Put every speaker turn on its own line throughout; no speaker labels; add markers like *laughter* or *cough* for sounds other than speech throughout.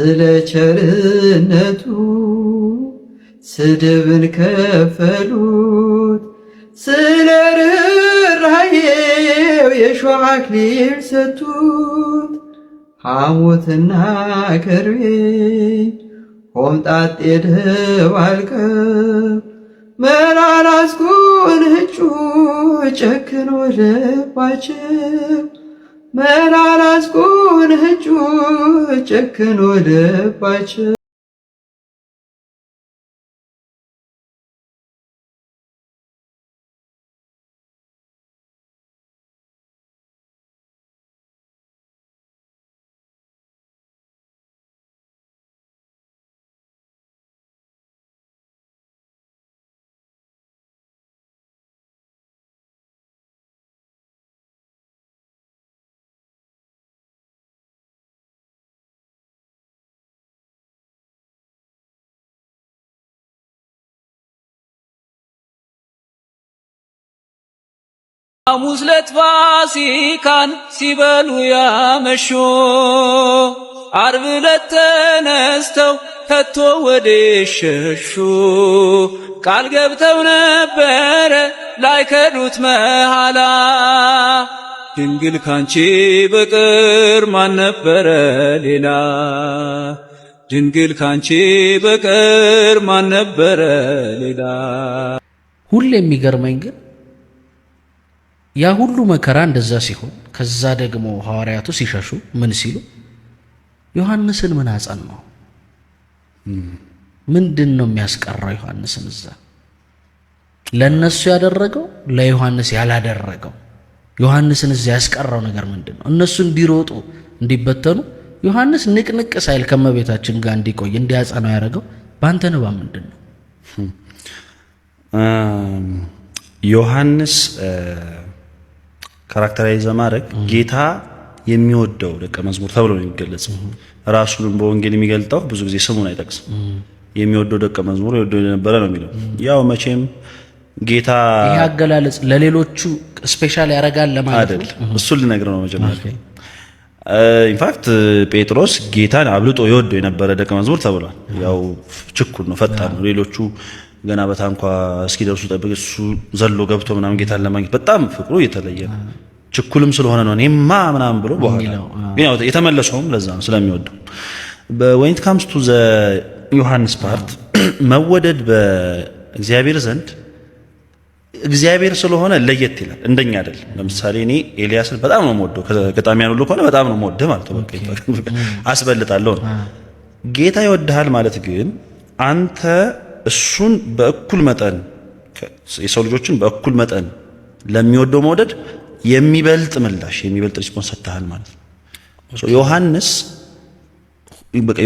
ስለ ቸርነቱ ስድብን ከፈሉት፣ ስለ ርኅራኄው የሾህ አክሊል ሰጡት። ሐሞትና ከርቤ ሆምጣጤ ደባልቀው መራራ አስኩን እጩ ጨክኖ ልባቸው መራራ አዝቆን እጁ ጨክኖ ልባቸው ሐሙስ ዕለት ፋሲካን ሲበሉ ያመሹ አርብ ዕለት ተነስተው ከቶ ወደ ሸሹ ቃል ገብተው ነበረ ላይከዱት መሃላ ድንግል ካንቺ በቀር ማን ነበረ ሌላ ድንግል ካንቺ በቀር ማን ነበረ ሌላ
ሁሌ የሚገርመኝ ግን ያ ሁሉ መከራ እንደዛ ሲሆን ከዛ ደግሞ ሐዋርያቱ ሲሸሹ ምን ሲሉ ዮሐንስን ምን አጸን ነው? ምንድን ነው የሚያስቀረው ዮሐንስን? እዛ ለእነሱ ያደረገው ለዮሐንስ ያላደረገው ዮሐንስን እዛ ያስቀረው ነገር ምንድን ነው? እነሱ እንዲሮጡ እንዲበተኑ ዮሐንስ ንቅንቅ ሳይል ከመቤታችን ጋር እንዲቆይ እንዲያጸነው ያደረገው በአንተ ንባ ምንድን ነው?
ዮሐንስ ካራክተራይዝ በማድረግ ጌታ የሚወደው ደቀ መዝሙር ተብሎ ነው የሚገለጸው። ራሱንም በወንጌል የሚገልጠው ብዙ ጊዜ ስሙን አይጠቅስም። የሚወደው ደቀ መዝሙር የወደው የነበረ ነው የሚለው። ያው መቼም ጌታ
ይህ አገላለጽ ለሌሎቹ ስፔሻል ያደርጋል
ለማለት ነው። እሱን ልነግር ነው መጀመሪያ። ኢንፋክት ጴጥሮስ ጌታን አብልጦ የወደው የነበረ ደቀ መዝሙር ተብሏል። ያው ችኩል ነው፣ ፈጣን ነው። ሌሎቹ ገና በታንኳ እስኪደርሱ ጠብቅ እሱ ዘሎ ገብቶ ምናምን ጌታን ለማግኘት በጣም ፍቅሩ እየተለየ ነው። ችኩልም ስለሆነ ነው እኔማ ምናምን ብሎ በኋላ የተመለሰውም ለዛ ነው ስለሚወደው። በወይንት ካምስ ቱ ዘ ዮሐንስ ፓርት መወደድ በእግዚአብሔር ዘንድ እግዚአብሔር ስለሆነ ለየት ይላል። እንደኛ አይደል። ለምሳሌ እኔ ኤልያስን በጣም ነው የምወደው፣ ገጣሚያን ሁሉ ከሆነ በጣም ነው የምወደው ማለት ነው። በቃ አስበልጣለሁ ጌታ ይወድሃል ማለት ግን አንተ እሱን በእኩል መጠን የሰው ልጆችን በእኩል መጠን ለሚወደው መውደድ የሚበልጥ ምላሽ የሚበልጥ ሪስፖንስ ሰጥተሃል ማለት ነው። ዮሐንስ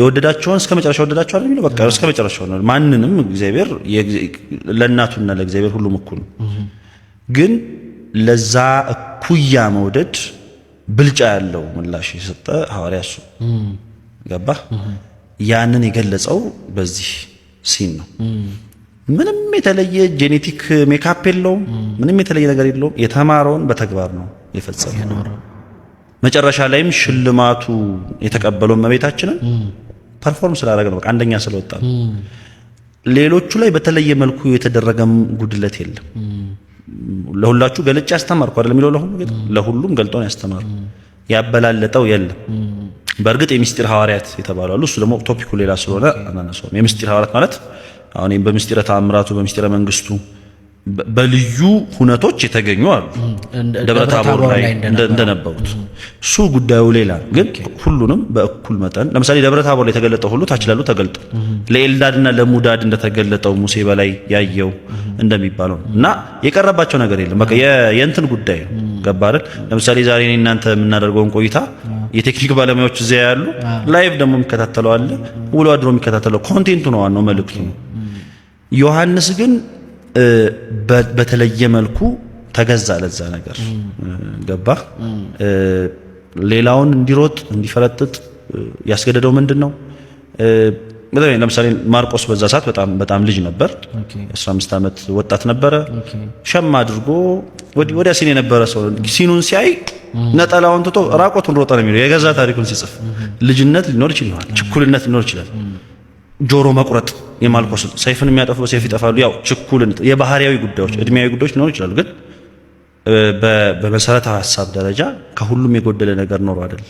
የወደዳቸውን እስከ መጨረሻ ወደዳቸው አለ የሚለው በቃ እስከ መጨረሻ ነው። ማንንም እግዚአብሔር ለእናቱና ለእግዚአብሔር ሁሉም እኩል ነው። ግን ለዛ እኩያ መውደድ ብልጫ ያለው ምላሽ የሰጠ ሐዋርያ እሱ ገባ። ያንን የገለጸው በዚህ ሲን ነው። ምንም የተለየ ጄኔቲክ ሜካፕ የለውም። ምንም የተለየ ነገር የለውም። የተማረውን በተግባር ነው የፈጸመው። መጨረሻ ላይም ሽልማቱ የተቀበለው መቤታችንን ፐርፎርም ስላደረገ ነው። በቃ አንደኛ ስለወጣ ሌሎቹ ላይ በተለየ መልኩ የተደረገም ጉድለት የለም። ለሁላችሁ ገልጬ ያስተማርኩ አይደለም የሚለው ለሁሉም ገልጦ ነው ያስተማርኩ። ያበላለጠው የለም። በእርግጥ የሚስጢር ሐዋርያት የተባሉ አሉ። እሱ ደግሞ ቶፒኩ ሌላ ስለሆነ አናነሳውም። የሚስጢር ሐዋርያት ማለት አሁን በምስጢረ ተአምራቱ በምስጢረ መንግስቱ በልዩ ሁነቶች የተገኙ አሉ። ደብረ ታቦር ላይ እንደነበሩት እሱ ጉዳዩ ሌላ ግን ሁሉንም በእኩል መጠን ለምሳሌ ደብረ ታቦር ላይ የተገለጠው ሁሉ ታች ላሉ ተገልጦ ለኤልዳድና ለሙዳድ እንደተገለጠው ሙሴ በላይ ያየው እንደሚባለው እና የቀረባቸው ነገር የለም። በቃ የእንትን ጉዳይ ነው። ለምሳሌ ዛሬ እናንተ የምናደርገውን ቆይታ የቴክኒክ ባለሙያዎች እዚያ ያሉ፣ ላይቭ ደግሞ የሚከታተለው አለ፣ ውሎ አድሮ የሚከታተለው ኮንቴንቱ ነው ዋናው መልእክቱ ነው። ዮሐንስ ግን በተለየ መልኩ ተገዛ ለዛ ነገር ገባ። ሌላውን እንዲሮጥ እንዲፈረጥጥ ያስገደደው ምንድን ነው? ለምሳሌ ማርቆስ በዛ ሰዓት በጣም በጣም ልጅ ነበር። 15 ዓመት ወጣት ነበረ። ሸማ አድርጎ ወዲያ ሲን የነበረ ሰው ሲኑን ሲያይ ነጠላውን ትቶ ራቆቱን ሮጠ ነው የሚለው የገዛ ታሪኩን ሲጽፍ። ልጅነት ሊኖር ይችላል፣ ችኩልነት ሊኖር ይችላል። ጆሮ መቁረጥ የማልቆስል ሰይፍን የሚያጠፉ በሰይፍ ይጠፋሉ። ያው ችኩልነት፣ የባህሪያዊ ጉዳዮች እድሜያዊ ጉዳዮች ሊኖሩ ይችላሉ። ግን በመሰረታዊ ሀሳብ ደረጃ ከሁሉም የጎደለ ነገር ኖሮ አይደለም።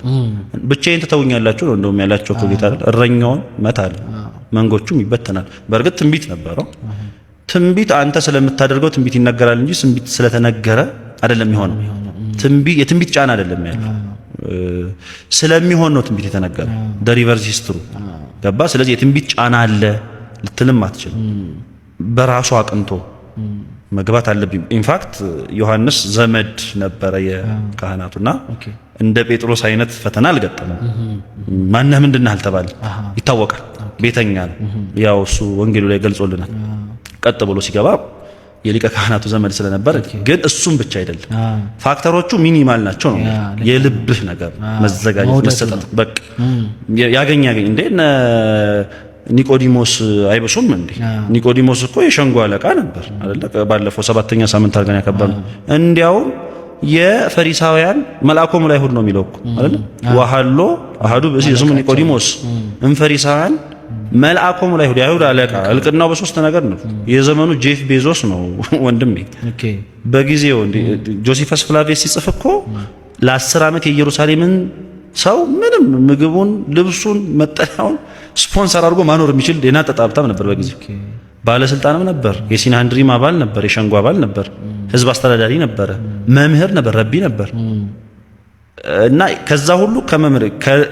ብቻዬን ትተውኛላችሁ ነው እንደውም ያላቸው እኮ ጌታ አይደል? እረኛውን መታል መንጎቹም ይበተናል። በእርግጥ ትንቢት ነበረው። ትንቢት አንተ ስለምታደርገው ትንቢት ይነገራል እንጂ ትንቢት ስለተነገረ አይደለም የሚሆነው የትንቢት ጫና አይደለም ያለው ስለሚሆን ነው ትንቢት የተነገረው። ደሪቨርስ ሂስትሩ ገባ። ስለዚህ የትንቢት ጫና አለ ልትልም አትችልም። በራሱ አቅንቶ መግባት አለብኝ። ኢንፋክት ዮሐንስ ዘመድ ነበረ የካህናቱና እንደ ጴጥሮስ አይነት ፈተና አልገጠመም። ማነህ ምንድና አልተባለ። ይታወቃል፣ ቤተኛ ነው። ያው እሱ ወንጌሉ ላይ ገልጾልናል። ቀጥ ብሎ ሲገባ የሊቀ ካህናቱ ዘመድ ስለነበር ግን እሱም ብቻ አይደለም፣ ፋክተሮቹ ሚኒማል ናቸው ነው የልብህ ነገር መዘጋጀት፣ መሰጠት በቃ ያገኝ ያገኝ እንዴ ኒቆዲሞስ አይበሱም እንዴ? ኒቆዲሞስ እኮ የሸንጎ አለቃ ነበር አይደለ? ባለፈው ሰባተኛ ሳምንት አድርገን ያከበር እንዲያውም የፈሪሳውያን መልአኮሙ ለአይሁድ ነው የሚለው እኮ አይደለ? ወሀሎ አሐዱ ብእሲ ስሙ ኒቆዲሞስ እም መልአኮሙ ለአይሁድ የአይሁድ አለቃ እልቅናው በሶስት ነገር ነው። የዘመኑ ጄፍ ቤዞስ ነው ወንድሜ። በጊዜው ጆሲፈስ ፍላቬስ ሲጽፍ እኮ ለአስር ዓመት የኢየሩሳሌምን ሰው ምንም ምግቡን፣ ልብሱን፣ መጠለያውን ስፖንሰር አድርጎ ማኖር የሚችል የናጠጣ ሀብታም ነበር። በጊዜው ባለስልጣንም ነበር። የሲናንድሪም አባል ነበር። የሸንጎ አባል ነበር። ህዝብ አስተዳዳሪ ነበረ። መምህር ነበር። ረቢ ነበር። እና ከዛ ሁሉ ከመምህር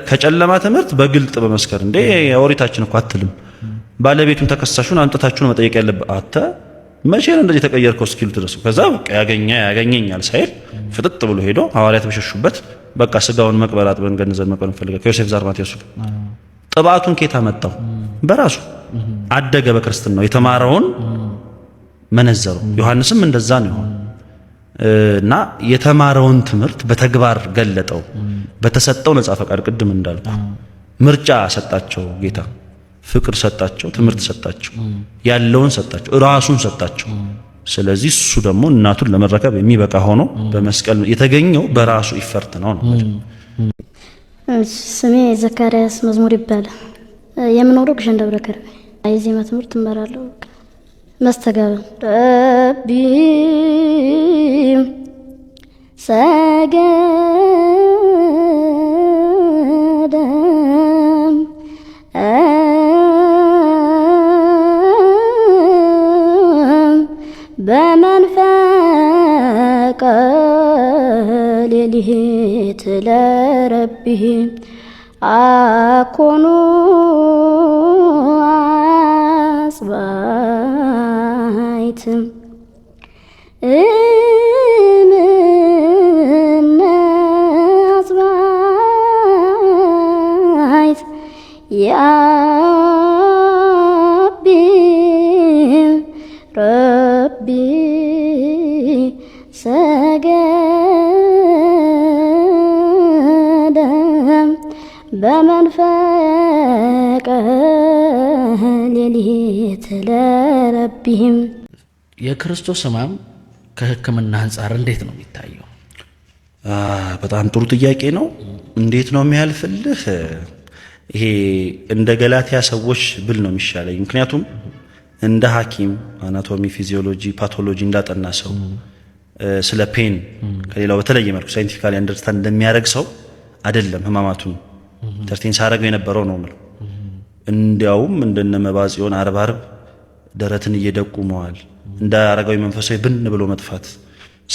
ከጨለማ ትምህርት በግልጥ በመስከር እንደ የኦሪታችን እኮ አትልም ባለቤቱን ተከሳሹን አምጥታችሁን መጠየቅ ያለብህ አተ መቼ ነው እንደዚህ ተቀየርከው? እስኪሉ ድረሱ ከዛ ያገኛ ያገኘኛል ሳይል ፍጥጥ ብሎ ሄዶ ሐዋርያት በሸሹበት በቃ ስጋውን መቅበር አጥበን ገንዘብ መቅበር እንፈልጋለን። ከዮሴፍ ዛርማቴዎስ ጥባቱን ኬታ መጣው በራሱ አደገ። በክርስትናው የተማረውን መነዘረው። ዮሐንስም እንደዛ ነው። እና የተማረውን ትምህርት በተግባር ገለጠው። በተሰጠው ነጻ ፈቃድ ቅድም እንዳልኩ ምርጫ ሰጣቸው ጌታ። ፍቅር ሰጣቸው፣ ትምህርት ሰጣቸው፣ ያለውን ሰጣቸው፣ ራሱን ሰጣቸው። ስለዚህ እሱ ደግሞ እናቱን ለመረከብ የሚበቃ ሆኖ በመስቀል የተገኘው በራሱ ይፈርት ነው ነው።
ስሜ ዘካርያስ መዝሙር ይባላል። የምኖረው ግሸን ደብረ ከርቤ የዜማ ትምህርት እመራለሁ። መስተጋብእ ረቢ ሰገደ በመንፈቀ ሌሊት ለረቢ አኮኑ ለረቢህም
የክርስቶስ ሕማም ከሕክምና አንጻር እንዴት ነው የሚታየው?
በጣም ጥሩ ጥያቄ ነው። እንዴት ነው የሚያልፍልህ? ይሄ እንደ ገላትያ ሰዎች ብል ነው የሚሻለኝ። ምክንያቱም እንደ ሐኪም አናቶሚ፣ ፊዚዮሎጂ፣ ፓቶሎጂ እንዳጠና ሰው ስለ ፔን ከሌላው በተለየ መልኩ ሳይንቲፊካሊ አንደርስታንድ እንደሚያደርግ ሰው አይደለም ህማማቱን ኢንተርቴን ሳረገው የነበረው ነው ምለው እንዲያውም መባጽዮን አርብ አርብ ደረትን እየደቁ መዋል እንደ አረጋዊ መንፈሳዊ ብን ብሎ መጥፋት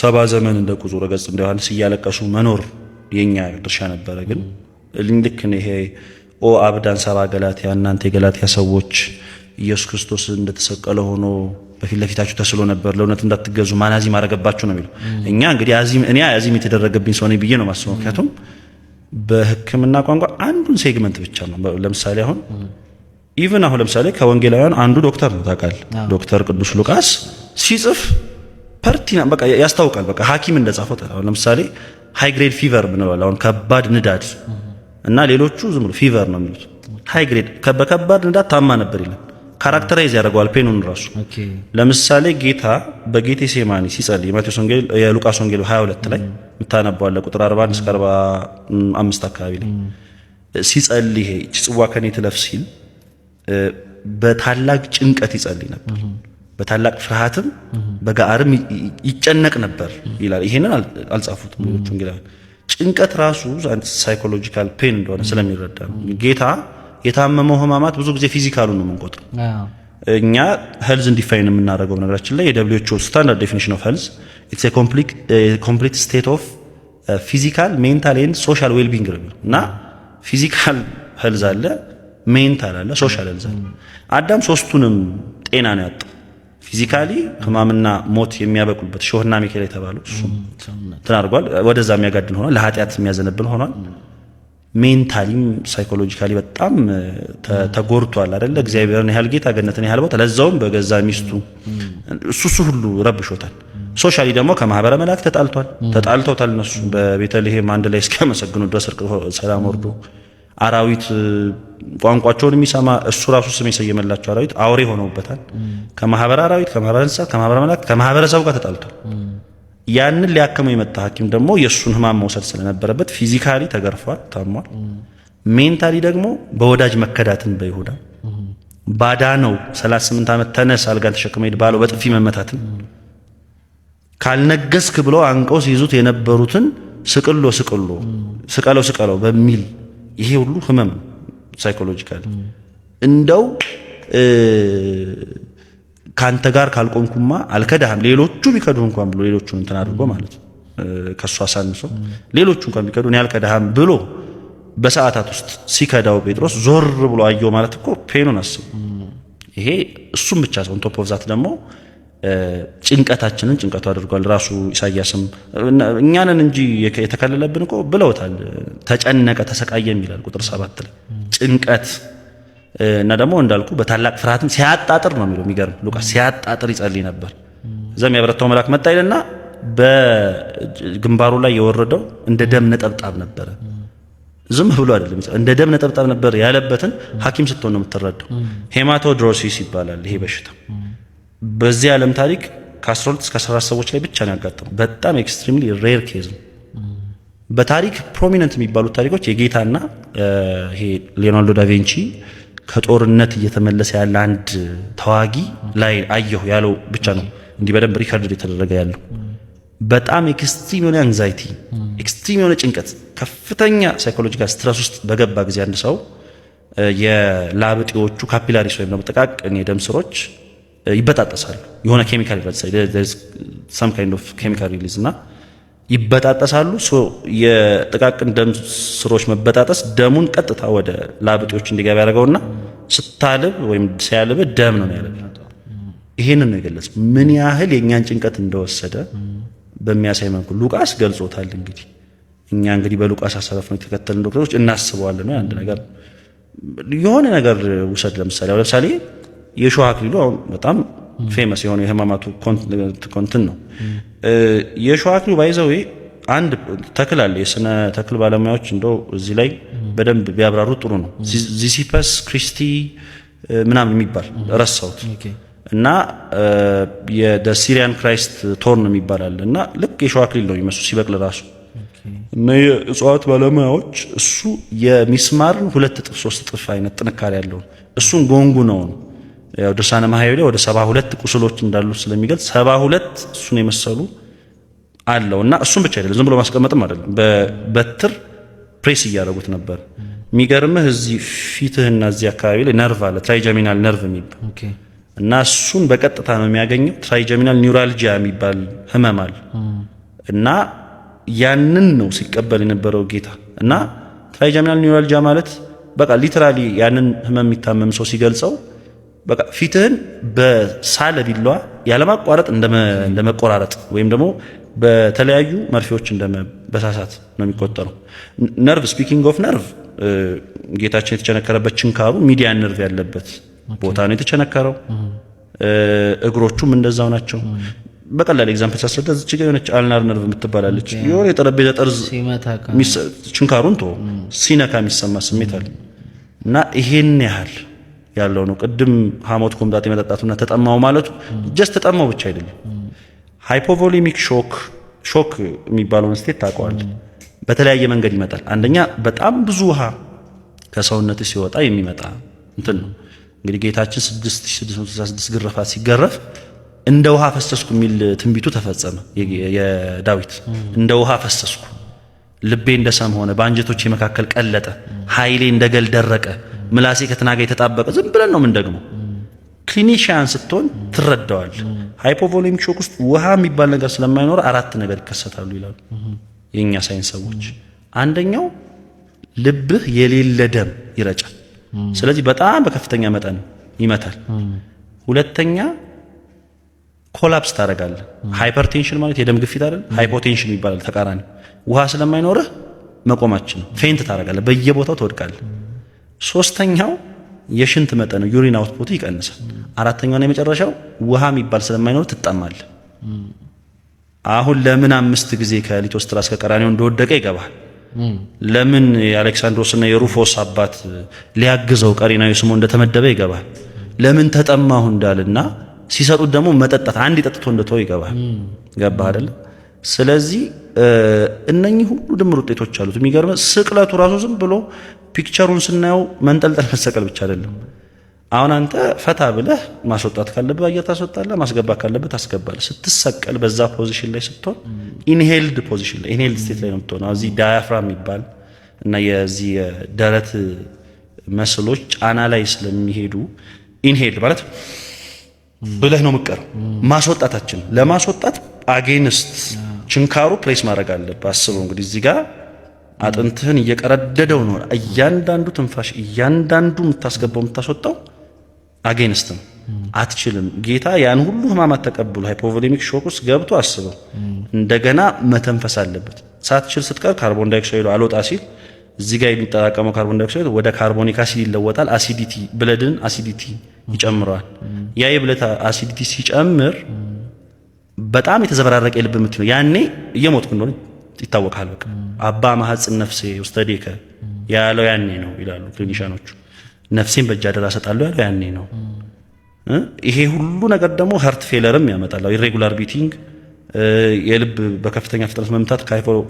ሰባ ዘመን እንደ ቁጹ ረገጽ እንደ ዮሐንስ እያለቀሱ መኖር የኛ ድርሻ ነበረ። ግን ልክ ይሄ ኦ አብዳን ሰባ ገላትያ፣ እናንተ የገላትያ ሰዎች ኢየሱስ ክርስቶስ እንደተሰቀለ ሆኖ በፊት ለፊታችሁ ተስሎ ነበር፣ ለእውነት እንዳትገዙ ማን አዚም አረገባችሁ ነው የሚለው። እኛ እንግዲህ እኔ አዚም የተደረገብኝ ሰው ነኝ ብዬ ነው ማስበው። ምክንያቱም በሕክምና ቋንቋ አንዱን ሴግመንት ብቻ ነው። ለምሳሌ አሁን ኢቨን አሁን ለምሳሌ ከወንጌላውያን አንዱ ዶክተር ነው ታውቃል። ዶክተር ቅዱስ ሉቃስ ሲጽፍ ፐርቲና በቃ ያስታውቃል። በቃ ሐኪም እንደጻፈው አሁን ለምሳሌ ሃይ ግሬድ ፊቨር ብንለዋል። አሁን ከባድ ንዳድ እና ሌሎቹ ዝም ብሎ ፊቨር ነው የሚሉት። ሃይ ግሬድ በከባድ ንዳድ ታማ ነበር ይላል። ካራክተራይዝ ያደርገዋል ፔኑን ራሱ። ለምሳሌ ጌታ በጌቴ ሴማኒ ሲጸል የማቴዎስ ወንጌል የሉቃስ ወንጌል 22 ላይ የምታነባዋለ ቁጥር 41 እስከ 45 አካባቢ ላይ ሲጸል ይሄ ጽዋ ከኔ ትለፍ ሲል በታላቅ ጭንቀት ይጸልይ ነበር፣ በታላቅ ፍርሃትም በጋርም ይጨነቅ ነበር ይላል። ይሄንን አልጻፉትም ሌሎች ወንጌላውያን። ጭንቀት ራሱ ሳይኮሎጂካል ፔን እንደሆነ ስለሚረዳ ነው። ጌታ የታመመው ህማማት ብዙ ጊዜ ፊዚካሉን ነው የምንቆጥረው። እኛ ሄልዝ እንዲፋይን የምናደርገው ነገራችን ላይ የደብሊዎች ስታንዳርድ ዴፊኒሽን ኦፍ ሄልዝ ኢትስ ኮምፕሊት ስቴት ኦፍ ፊዚካል ሜንታል ኤንድ ሶሻል ዌልቢንግ ነው እና ፊዚካል ሄልዝ አለ ሜንታል አለ ሶሻል አለ። አዳም ሶስቱንም ጤና ነው ያጣው። ፊዚካሊ ህማምና ሞት የሚያበቁበት ሾህና ሚካኤል የተባሉ እሱ ተናርጓል። ወደዛ የሚያጋድን ሆኗል። ለኃጢአት የሚያዘነብል ሆኗል። ሜንታሊም ሳይኮሎጂካሊ በጣም ተጎድቷል አይደለ? እግዚአብሔርን ያህል ጌታ ገነትን ያህል ቦታ ለዛውም በገዛ ሚስቱ እሱ እሱ ሁሉ ረብሾታል። ሶሻሊ ደግሞ ከማህበረ መላእክት ተጣልቷል። ተጣልተውታል እነሱ በቤተልሔም አንድ ላይ እስኪያመሰግኑ ድረስ ሰላም ወርዶ አራዊት ቋንቋቸውን የሚሰማ እሱ ራሱ ስም የሰየመላቸው አራዊት አውሬ ሆነውበታል። ከማህበረ አራዊት፣ ከማህበረ እንስሳት፣ ከማህበረ መላእክት፣ ከማህበረሰቡ ጋር ተጣልቷል። ያንን ሊያክመው የመጣ ሐኪም ደግሞ የእሱን ህማም መውሰድ ስለነበረበት ፊዚካሊ ተገርፏል፣ ታሟል። ሜንታሊ ደግሞ በወዳጅ መከዳትን በይሁዳ ባዳ ነው 38 ዓመት ተነስ አልጋን ተሸክመ ሄድ ባለው በጥፊ መመታትን ካልነገስክ ብለው አንቀው ሲይዙት የነበሩትን ስቅሎ ስቅሎ ስቀለው ስቀለው በሚል ይሄ ሁሉ ህመም ሳይኮሎጂካል እንደው ከአንተ ጋር ካልቆምኩማ አልከዳህም ሌሎቹ ቢከዱ እንኳን ብሎ ሌሎቹን እንትን አድርጎ ማለት ነው ከእሱ አሳንሶ ሌሎቹ እንኳን ቢከዱ እኔ አልከዳህም ብሎ በሰዓታት ውስጥ ሲከዳው ጴጥሮስ ዞር ብሎ አየው ማለት እኮ ፔኑን አስቡ ይሄ እሱም ብቻ ሰው ቶፕ ኦፍ ዛት ደግሞ ጭንቀታችንን ጭንቀቱ አድርጓል። ራሱ ኢሳያስም እኛንን እንጂ የተከለለብን እኮ ብለውታል። ተጨነቀ ተሰቃየም ይላል ቁጥር ሰባት ላይ ጭንቀት እና ደግሞ እንዳልኩ በታላቅ ፍርሃትም ሲያጣጥር ነው የሚለው። የሚገርም ሉቃስ ሲያጣጥር ይጸልይ ነበር። እዛም ያበረታው መልአክ መጣ ይልና በግንባሩ ላይ የወረደው እንደ ደም ነጠብጣብ ነበረ። ዝም ብሎ አይደለም፣ እንደ ደም ነጠብጣብ ነበር ያለበትን ሐኪም ስትሆን ነው የምትረዳው። ሄማቶድሮሲስ ይባላል ይሄ በሽታ በዚህ ዓለም ታሪክ ከ12 እስከ 14 ሰዎች ላይ ብቻ ነው ያጋጠሙ። በጣም ኤክስትሪምሊ ሬር ኬዝ ነው። በታሪክ ፕሮሚነንት የሚባሉት ታሪኮች የጌታና ይሄ ሊዮናልዶ ዳቬንቺ ከጦርነት እየተመለሰ ያለ አንድ ተዋጊ ላይ አየሁ ያለው ብቻ ነው እንዲህ በደንብ ሪከርድ የተደረገ ያለው። በጣም ኤክስትሪም የሆነ አንዛይቲ፣ ኤክስትሪም የሆነ ጭንቀት፣ ከፍተኛ ሳይኮሎጂካል ስትረስ ውስጥ በገባ ጊዜ አንድ ሰው የላብጤዎቹ ካፒላሪስ ወይም ደግሞ ጥቃቅን የደም ስሮች ይበጣጠሳሉ። የሆነ ኬሚካል ሰም ካይንድ ኦፍ ኬሚካል ሪሊዝ እና ይበጣጠሳሉ። የጥቃቅን ደም ስሮች መበጣጠስ ደሙን ቀጥታ ወደ ላብጤዎች እንዲገባ ያደርገውና ስታልብ ወይም ሲያልብ ደም ነው ያለብ። ይሄንን ነው የገለጽ ምን ያህል የእኛን ጭንቀት እንደወሰደ በሚያሳይ መልኩ ሉቃስ ገልጾታል። እንግዲህ እኛ እንግዲህ በሉቃስ አሰራፍ ነው የተከተልን ዶክተሮች እናስበዋለን። አንድ ነገር የሆነ ነገር ውሰድ ለምሳሌ ለምሳሌ የሸዋ አክሊሉ አሁን በጣም ፌመስ የሆነ የህማማቱ ኮንትን ነው። የሸዋ አክሊሉ ባይዘዌ አንድ ተክል አለ። የስነ ተክል ባለሙያዎች እንደው እዚህ ላይ በደንብ ቢያብራሩ ጥሩ ነው። ዚሲፐስ ክሪስቲ ምናምን የሚባል ረሳሁት እና ሲሪያን ክራይስት ቶርን የሚባል አለ እና ልክ የሸዋ አክሊል ነው የሚመስሉ ሲበቅል ራሱ እና የእጽዋት ባለሙያዎች እሱ የሚስማርን ሁለት እጥፍ ሶስት እጥፍ አይነት ጥንካሬ ያለውን እሱን ጎንጉ ነውን ያው ድርሳነ ማህያዊ ላይ ወደ ሰባ ሁለት ቁስሎች እንዳሉ ስለሚገልጽ ሰባ ሁለት እሱን የመሰሉ አለው እና እሱም ብቻ አይደለም ዝም ብሎ ማስቀመጥም አይደለም። በበትር ፕሬስ እያደረጉት ነበር። የሚገርምህ እዚህ ፊትህና እዚህ አካባቢ ላይ ነርቭ አለ፣ ትራይጀሚናል ነርቭ የሚባል እና እሱን በቀጥታ ነው የሚያገኘው። ትራይጀሚናል ኒውራልጂያ የሚባል ህመም አለ እና ያንን ነው ሲቀበል የነበረው ጌታ እና ትራይጀሚናል ኒውራልጂያ ማለት በቃ ሊትራሊ ያንን ህመም የሚታመም ሰው ሲገልጸው በቃ ፊትህን በሳለ ቢላዋ ያለማቋረጥ እንደመቆራረጥ ወይም ደግሞ በተለያዩ መርፌዎች እንደመበሳሳት ነው የሚቆጠረው። ነርቭ ስፒኪንግ ኦፍ ነርቭ ጌታችን የተቸነከረበት ችንካሩ ሚዲያን ነርቭ ያለበት ቦታ ነው የተቸነከረው። እግሮቹም እንደዛው ናቸው። በቀላል ኤግዛምፕል ሳስረዳ ዝች ጋ የሆነች አልናር ነርቭ የምትባላለች የሆነ የጠረጴዛ ጠርዝ ችንካሩን ቶ ሲነካ የሚሰማ ስሜት አለ እና ይሄን ያህል ያለው ነው። ቅድም ሐሞት ኮምጣጤ መጠጣቱና ተጠማው ማለቱ ጀስት ተጠማው ብቻ አይደለም። ሃይፖቮሊሚክ ሾክ ሾክ የሚባለውን ስቴት ታውቀዋለህ። በተለያየ መንገድ ይመጣል። አንደኛ በጣም ብዙ ውሃ ከሰውነት ሲወጣ የሚመጣ እንትን ነው። እንግዲህ ጌታችን 6666 ግርፋት ሲገረፍ እንደ ውሃ ፈሰስኩ የሚል ትንቢቱ ተፈጸመ። የዳዊት እንደ ውሃ ፈሰስኩ፣ ልቤ እንደ ሰም ሆነ፣ በአንጀቶቼ መካከል ቀለጠ፣ ኃይሌ እንደ ገል ደረቀ ምላሴ ከትናጋ የተጣበቀ ዝም ብለን ነው የምንደግመው። ክሊኒሽያን ስትሆን ትረዳዋል። ሃይፖቮሊም ሾክ ውስጥ ውሃ የሚባል ነገር ስለማይኖር አራት ነገር ይከሰታሉ ይላሉ የእኛ ሳይንስ ሰዎች። አንደኛው ልብህ የሌለ ደም ይረጫል። ስለዚህ በጣም በከፍተኛ መጠን ይመታል። ሁለተኛ ኮላፕስ ታደርጋለህ። ሃይፐርቴንሽን ማለት የደም ግፊት አይደል? ሃይፖቴንሽን ይባላል ተቃራኒ። ውሃ ስለማይኖርህ መቆማችን ነው። ፌንት ታደርጋለህ፣ በየቦታው ትወድቃለህ። ሶስተኛው የሽንት መጠን ዩሪን አውትፑት ይቀንሳል። አራተኛውና የመጨረሻው ውሃ የሚባል ስለማይኖር ትጠማል። አሁን ለምን አምስት ጊዜ ከሊቶስትራስ እስከ እንደወደቀ ይገባል። ለምን የአሌክሳንድሮስና የሩፎስ አባት ሊያግዘው ቀሪናዊ ስሙ እንደተመደበ ይገባል። ለምን ተጠማሁ እንዳልና ሲሰጡት ደግሞ መጠጣት አንድ ጠጥቶ እንደተው ይገባል። ገባ አይደለም? ስለዚህ እነኚህ ሁሉ ድምር ውጤቶች አሉት። የሚገርመ ስቅለቱ ራሱ ዝም ብሎ ፒክቸሩን ስናየው መንጠልጠል መሰቀል ብቻ አይደለም። አሁን አንተ ፈታ ብለህ ማስወጣት ካለብህ አየር ታስወጣለህ፣ ማስገባት ካለብህ ታስገባለህ። ስትሰቀል በዛ ፖዚሽን ላይ ስትሆን ኢንሄልድ ፖዚሽን ላይ ኢንሄልድ ስቴት ላይ ነው የምትሆነው። እዚህ ዳያፍራም የሚባል እና የዚህ የደረት መስሎች ጫና ላይ ስለሚሄዱ ኢንሄልድ ማለት ብለህ ነው የምትቀረው። ማስወጣታችን ለማስወጣት አጌንስት ችንካሩ ፕሬስ ማድረግ አለብህ። አስበው እንግዲህ እዚህ ጋር አጥንትህን እየቀረደደው ነው። እያንዳንዱ ትንፋሽ፣ እያንዳንዱ የምታስገባው የምታስወጣው አጌንስት ነው። አትችልም። ጌታ ያን ሁሉ ህማማት ተቀብሎ ሃይፖቮሊሚክ ሾክ ውስጥ ገብቶ አስበው እንደገና መተንፈስ አለበት። ሳትችል ስትቀር ካርቦን ዳይኦክሳይዱ አልወጣ ሲል እዚህ ጋር የሚጠራቀመው ካርቦን ዳይኦክሳይድ ወደ ካርቦኒክ አሲድ ይለወጣል። አሲዲቲ ብለድን አሲዲቲ ይጨምረዋል። ያ የብለት አሲዲቲ ሲጨምር በጣም የተዘበራረቀ የልብ ምት ነው። ያኔ እየሞትኩ እንደሆነ ይታወቃል። በቃ አባ ማህጽን ነፍሴ ውስተዴከ ያለው ያኔ ነው ይላሉ ክሊኒሻኖቹ። ነፍሴን በእጅ አደራ ሰጣለሁ ያለው ያኔ ነው። ይሄ ሁሉ ነገር ደግሞ ሀርት ፌለርም ያመጣል። ኢሬጉላር ቢቲንግ፣ የልብ በከፍተኛ ፍጥነት መምታት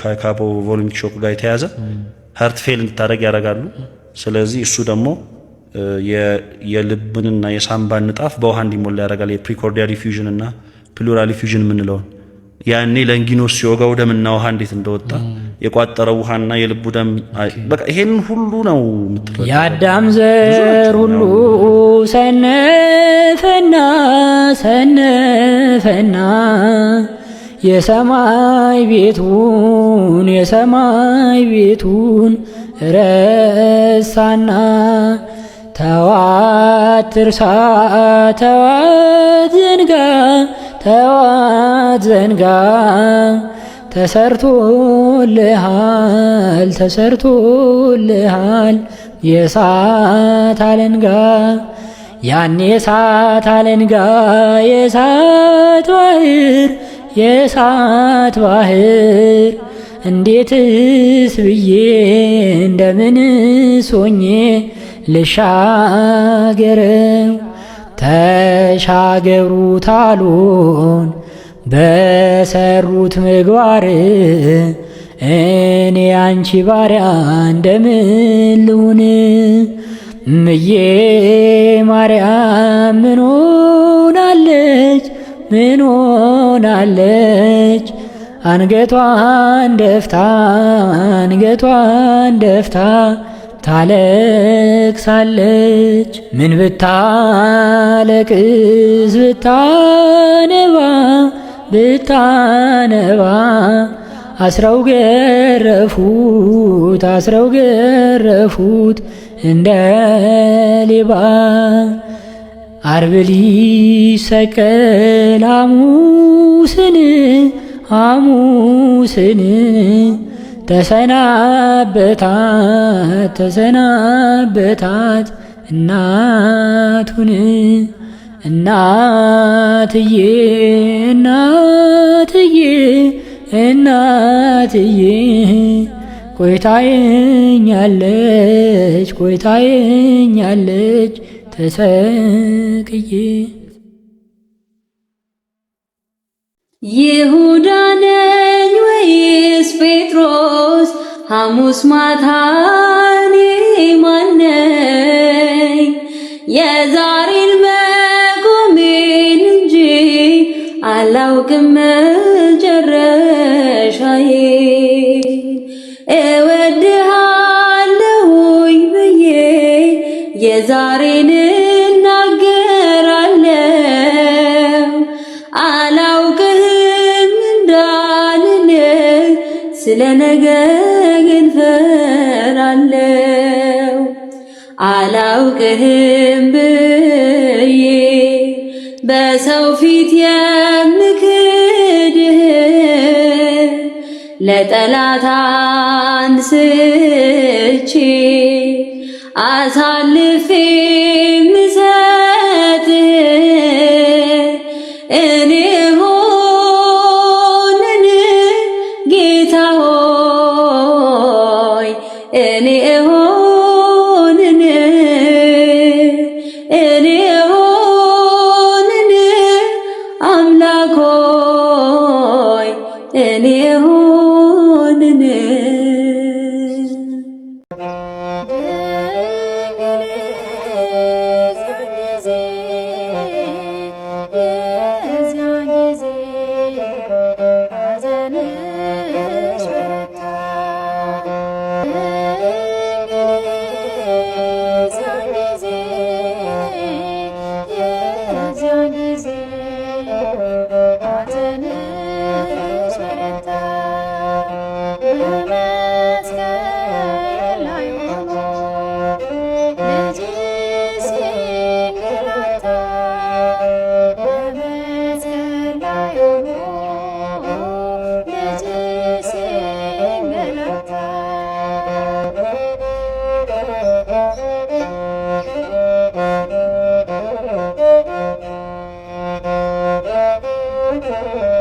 ከካፖ ቮሉሚክ ሾክ ጋር የተያዘ ሀርት ፌል እንድታደረግ ያደርጋሉ። ስለዚህ እሱ ደግሞ የልብንና የሳምባን ንጣፍ በውሃ እንዲሞላ ያደርጋል። የፕሪኮርዲያ ዲፊዥን እና ፕሉራል ኢፊውዥን የምንለውን ያኔ ለንጊኖስ ሲወጋው ደምና ውሃ እንዴት እንደወጣ የቋጠረው ውሃና የልቡ ደም በቃ ይሄን ሁሉ ነው የምትለው። የአዳም ዘር ሁሉ ሰነፈና ሰነፈና የሰማይ ቤቱን የሰማይ ቤቱን ረሳና ተዋትርሳ ተዋትንጋ ተዋት ዘንጋ ተሰርቶልሃል ተሰርቶልሃል የእሳት አለንጋ ያን የእሳት አለንጋ የእሳት ባህር የእሳት ባህር እንዴትስ ብዬ እንደምንስ ሆኜ ልሻገረው ተሻገሩት አሉን በሰሩት ምግባር እኔ አንቺ ባሪያ እንደምልውን ምዬ ማርያም ምን ሆናለች? ምን ሆናለች? አንገቷን ደፍታ አንገቷን ደፍታ ታለቅሳለች ምን ብታለቅስ ብታነባ ብታነባ አስረው ገረፉት አስረው ገረፉት እንደ ሌባ አርብ ሊሰቀል አሙስን አሙስን ተሰናበታት ተሰናበታት እናቱን እናትዬ እናትዬ እናትዬ ቆይታየኛለች ቆይታየኛለች ተሰቅዬ ይሁዳነ ኢየሱስ ጴጥሮስ ሐሙስ ማታን እኔ ማን ነኝ የዛሬን መቆሜን እንጂ አላውቅም መጨረሻዬ አልክድህም ብዬ በሰው ፊት የምክድህ ለጠላት አንስቼ አሳልፌ ምሰጥህ Oh, *laughs*